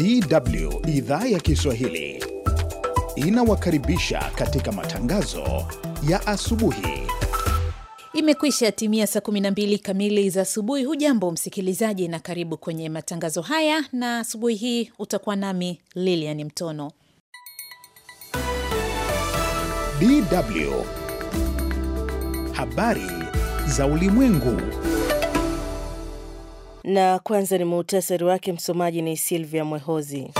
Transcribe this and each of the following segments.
DW idhaa ya Kiswahili inawakaribisha katika matangazo ya asubuhi. Imekwisha timia saa 12 kamili za asubuhi. Hujambo msikilizaji, na karibu kwenye matangazo haya, na asubuhi hii utakuwa nami Lilian Mtono. DW habari za ulimwengu na kwanza ni muhtasari wake. Msomaji ni Silvia Mwehozi.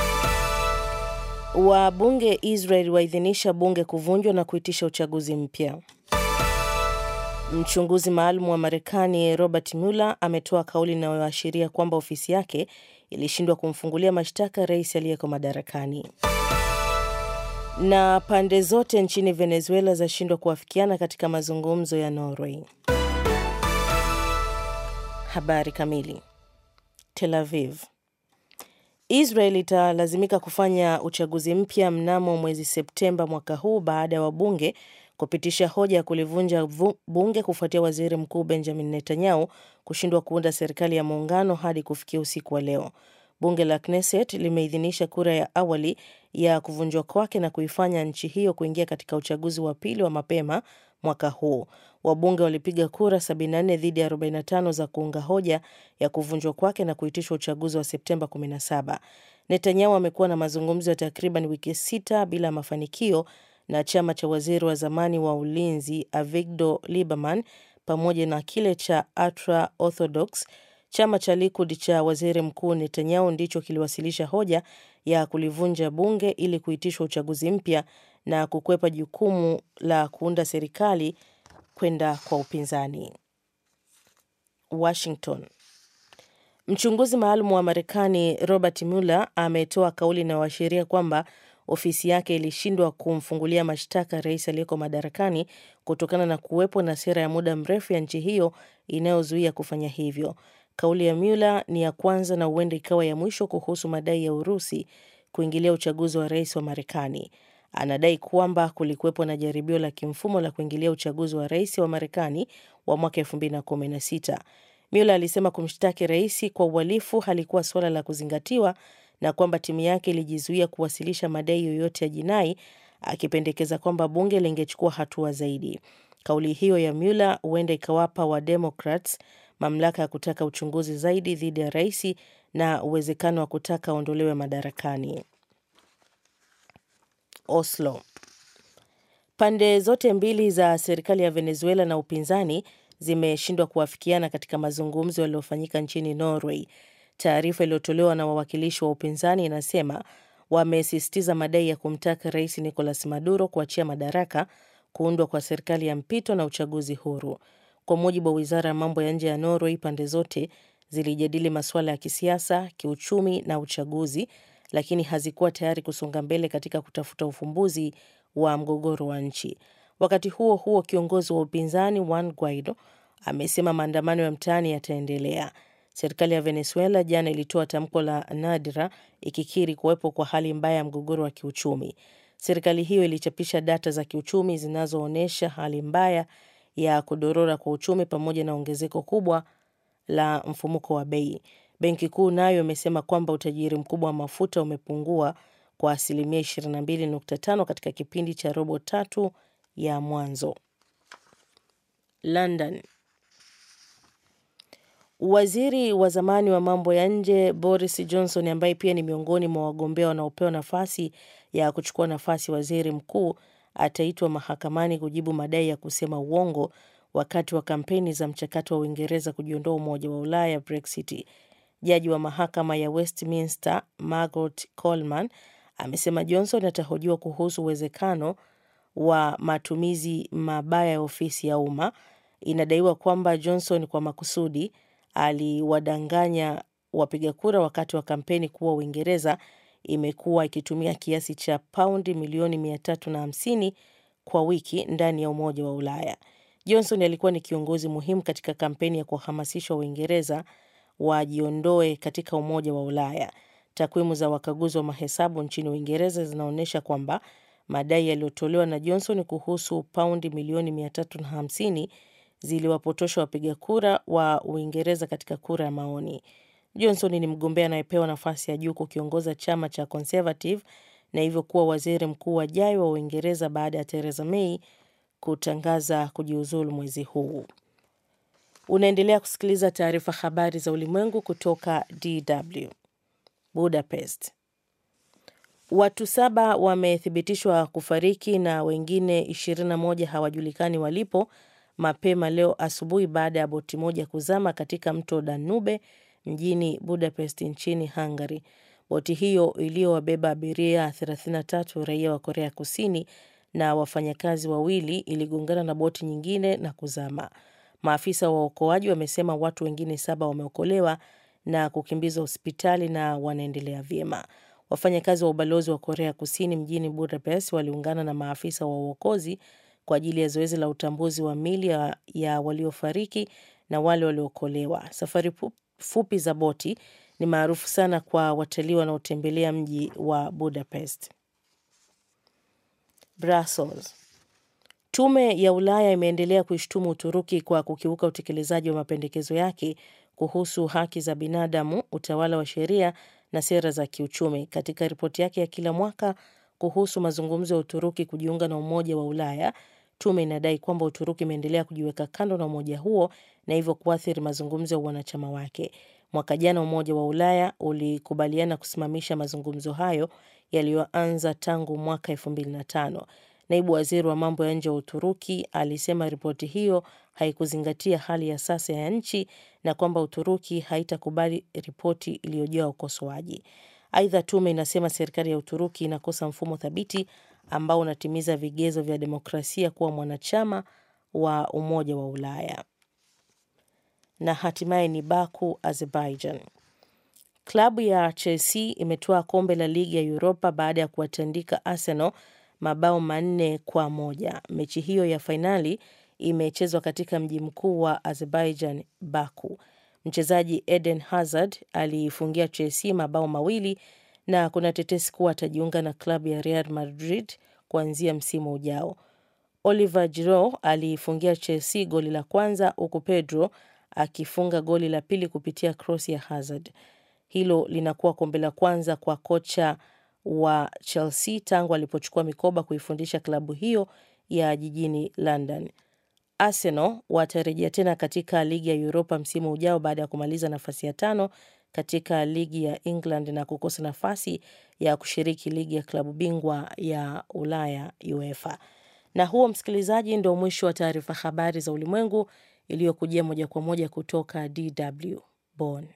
Wabunge Israel waidhinisha bunge kuvunjwa na kuitisha uchaguzi mpya. Mchunguzi maalum wa Marekani Robert Mueller ametoa kauli inayoashiria kwamba ofisi yake ilishindwa kumfungulia mashtaka rais aliyeko madarakani. Na pande zote nchini Venezuela zashindwa kuafikiana katika mazungumzo ya Norway. Habari kamili. Tel Aviv. Israel italazimika kufanya uchaguzi mpya mnamo mwezi Septemba mwaka huu baada ya wabunge kupitisha hoja ya kulivunja bunge kufuatia waziri mkuu Benjamin Netanyahu kushindwa kuunda serikali ya muungano hadi kufikia usiku wa leo. Bunge la Knesset limeidhinisha kura ya awali ya kuvunjwa kwake na kuifanya nchi hiyo kuingia katika uchaguzi wa pili wa mapema mwaka huu. Wabunge walipiga kura 74 dhidi ya 45 za kuunga hoja ya kuvunjwa kwake na kuitishwa uchaguzi wa Septemba 17. Netanyahu amekuwa na mazungumzo ya takriban wiki sita bila mafanikio na chama cha waziri wa zamani wa ulinzi Avigdor Lieberman pamoja na kile cha Ultra Orthodox Chama cha Likud cha waziri mkuu Netanyahu ndicho kiliwasilisha hoja ya kulivunja bunge ili kuitishwa uchaguzi mpya na kukwepa jukumu la kuunda serikali kwenda kwa upinzani. Washington. Mchunguzi maalum wa Marekani Robert Mueller ametoa kauli inayoashiria kwamba ofisi yake ilishindwa kumfungulia mashtaka rais aliyeko madarakani kutokana na kuwepo na sera ya muda mrefu ya nchi hiyo inayozuia kufanya hivyo. Kauli ya Mueller ni ya kwanza na huenda ikawa ya mwisho kuhusu madai ya Urusi kuingilia uchaguzi wa rais wa Marekani. Anadai kwamba kulikuwepo na jaribio la kimfumo la kuingilia uchaguzi wa rais wa Marekani wa mwaka 2016. Mueller alisema kumshtaki rais kwa uhalifu halikuwa suala la kuzingatiwa na kwamba timu yake ilijizuia kuwasilisha madai yoyote ya jinai, akipendekeza kwamba bunge lingechukua hatua zaidi. Kauli hiyo ya Mueller huenda ikawapa wa Democrats mamlaka ya kutaka uchunguzi zaidi dhidi ya rais na uwezekano wa kutaka aondolewe madarakani. Oslo. Pande zote mbili za serikali ya Venezuela na upinzani zimeshindwa kuafikiana katika mazungumzo yaliyofanyika nchini Norway. Taarifa iliyotolewa na wawakilishi wa upinzani inasema wamesisitiza madai ya kumtaka Rais Nicolas Maduro kuachia madaraka, kuundwa kwa serikali ya mpito na uchaguzi huru. Kwa mujibu wa wizara ya mambo ya nje ya Norway, pande zote zilijadili masuala ya kisiasa, kiuchumi na uchaguzi, lakini hazikuwa tayari kusonga mbele katika kutafuta ufumbuzi wa mgogoro wa nchi. Wakati huo huo, kiongozi wa upinzani Juan Guaido amesema maandamano ya mtaani yataendelea. Serikali ya Venezuela jana ilitoa tamko la nadra ikikiri kuwepo kwa hali mbaya ya mgogoro wa kiuchumi. Serikali hiyo ilichapisha data za kiuchumi zinazoonyesha hali mbaya ya kudorora kwa uchumi pamoja na ongezeko kubwa la mfumuko wa bei. Benki Kuu nayo imesema kwamba utajiri mkubwa wa mafuta umepungua kwa asilimia 22.5 katika kipindi cha robo tatu ya mwanzo. London. Waziri wa zamani wa mambo ya nje Boris Johnson ambaye pia ni miongoni mwa wagombea wanaopewa nafasi ya kuchukua nafasi waziri mkuu ataitwa mahakamani kujibu madai ya kusema uongo wakati wa kampeni za mchakato wa Uingereza kujiondoa Umoja wa Ulaya, Brexit. Jaji wa mahakama ya Westminster Margaret Coleman amesema Johnson atahojiwa kuhusu uwezekano wa matumizi mabaya ya ofisi ya umma. Inadaiwa kwamba Johnson kwa makusudi aliwadanganya wapiga kura wakati wa kampeni kuwa Uingereza imekuwa ikitumia kiasi cha paundi milioni 350 kwa wiki ndani ya Umoja wa Ulaya. Johnson alikuwa ni kiongozi muhimu katika kampeni ya kuhamasisha Uingereza wajiondoe katika Umoja wa Ulaya. Takwimu za wakaguzi wa mahesabu nchini Uingereza zinaonyesha kwamba madai yaliyotolewa na Johnson kuhusu paundi milioni 350 ziliwapotosha wapiga kura wa Uingereza katika kura ya maoni. Johnson ni mgombea anayepewa nafasi ya juu kukiongoza chama cha Conservative na hivyo kuwa waziri mkuu wajaye wa Uingereza baada ya Theresa May kutangaza kujiuzulu mwezi huu. Unaendelea kusikiliza taarifa habari za ulimwengu kutoka DW. Budapest, watu saba wamethibitishwa kufariki na wengine 21 hawajulikani walipo mapema leo asubuhi baada ya boti moja kuzama katika mto Danube mjini Budapest nchini Hungary. Boti hiyo iliyowabeba abiria 33 raia wa Korea Kusini na wafanyakazi wawili iligongana na boti nyingine na kuzama. Maafisa wa uokoaji wamesema watu wengine saba wameokolewa na kukimbizwa hospitali na wanaendelea vyema. Wafanyakazi wa ubalozi wa Korea Kusini mjini Budapest waliungana na maafisa wa uokozi kwa ajili ya zoezi la utambuzi wa mili ya, ya waliofariki na wale waliokolewa. Safari fupi za boti ni maarufu sana kwa watalii wanaotembelea mji wa Budapest. Brussels. Tume ya Ulaya imeendelea kuishtumu Uturuki kwa kukiuka utekelezaji wa mapendekezo yake kuhusu haki za binadamu, utawala wa sheria na sera za kiuchumi katika ripoti yake ya kila mwaka kuhusu mazungumzo ya Uturuki kujiunga na Umoja wa Ulaya Tume inadai kwamba Uturuki imeendelea kujiweka kando na umoja huo na hivyo kuathiri mazungumzo ya wanachama wake. Mwaka jana Umoja wa Ulaya ulikubaliana kusimamisha mazungumzo hayo yaliyoanza tangu mwaka tano. Naibu waziri wa mambo ya nje wa Uturuki alisema ripoti hiyo haikuzingatia hali ya sasa ya nchi na kwamba Uturuki haitakubali ripoti iliyojaa ukosoaji. Aidha, tume inasema serikali ya Uturuki inakosa mfumo thabiti ambao unatimiza vigezo vya demokrasia kuwa mwanachama wa Umoja wa Ulaya. Na hatimaye ni Baku, Azerbaijan. Klabu ya Chelsea imetoa kombe la ligi ya Uropa baada ya kuwatandika Arsenal mabao manne kwa moja. Mechi hiyo ya fainali imechezwa katika mji mkuu wa Azerbaijan, Baku. Mchezaji Eden Hazard aliifungia Chelsea mabao mawili na kuna tetesi kuwa atajiunga na klabu ya Real Madrid kuanzia msimu ujao. Oliver Giroud aliifungia Chelsea goli la kwanza huku Pedro akifunga goli la pili kupitia cross ya Hazard. Hilo linakuwa kombe la kwanza kwa kocha wa Chelsea tangu alipochukua mikoba kuifundisha klabu hiyo ya jijini London. Arsenal watarejea tena katika ligi ya Uropa msimu ujao baada ya kumaliza nafasi ya tano katika ligi ya England na kukosa nafasi ya kushiriki ligi ya klabu bingwa ya Ulaya UEFA. Na huo msikilizaji, ndio mwisho wa taarifa habari za ulimwengu iliyokujia moja kwa moja kutoka DW Bonn.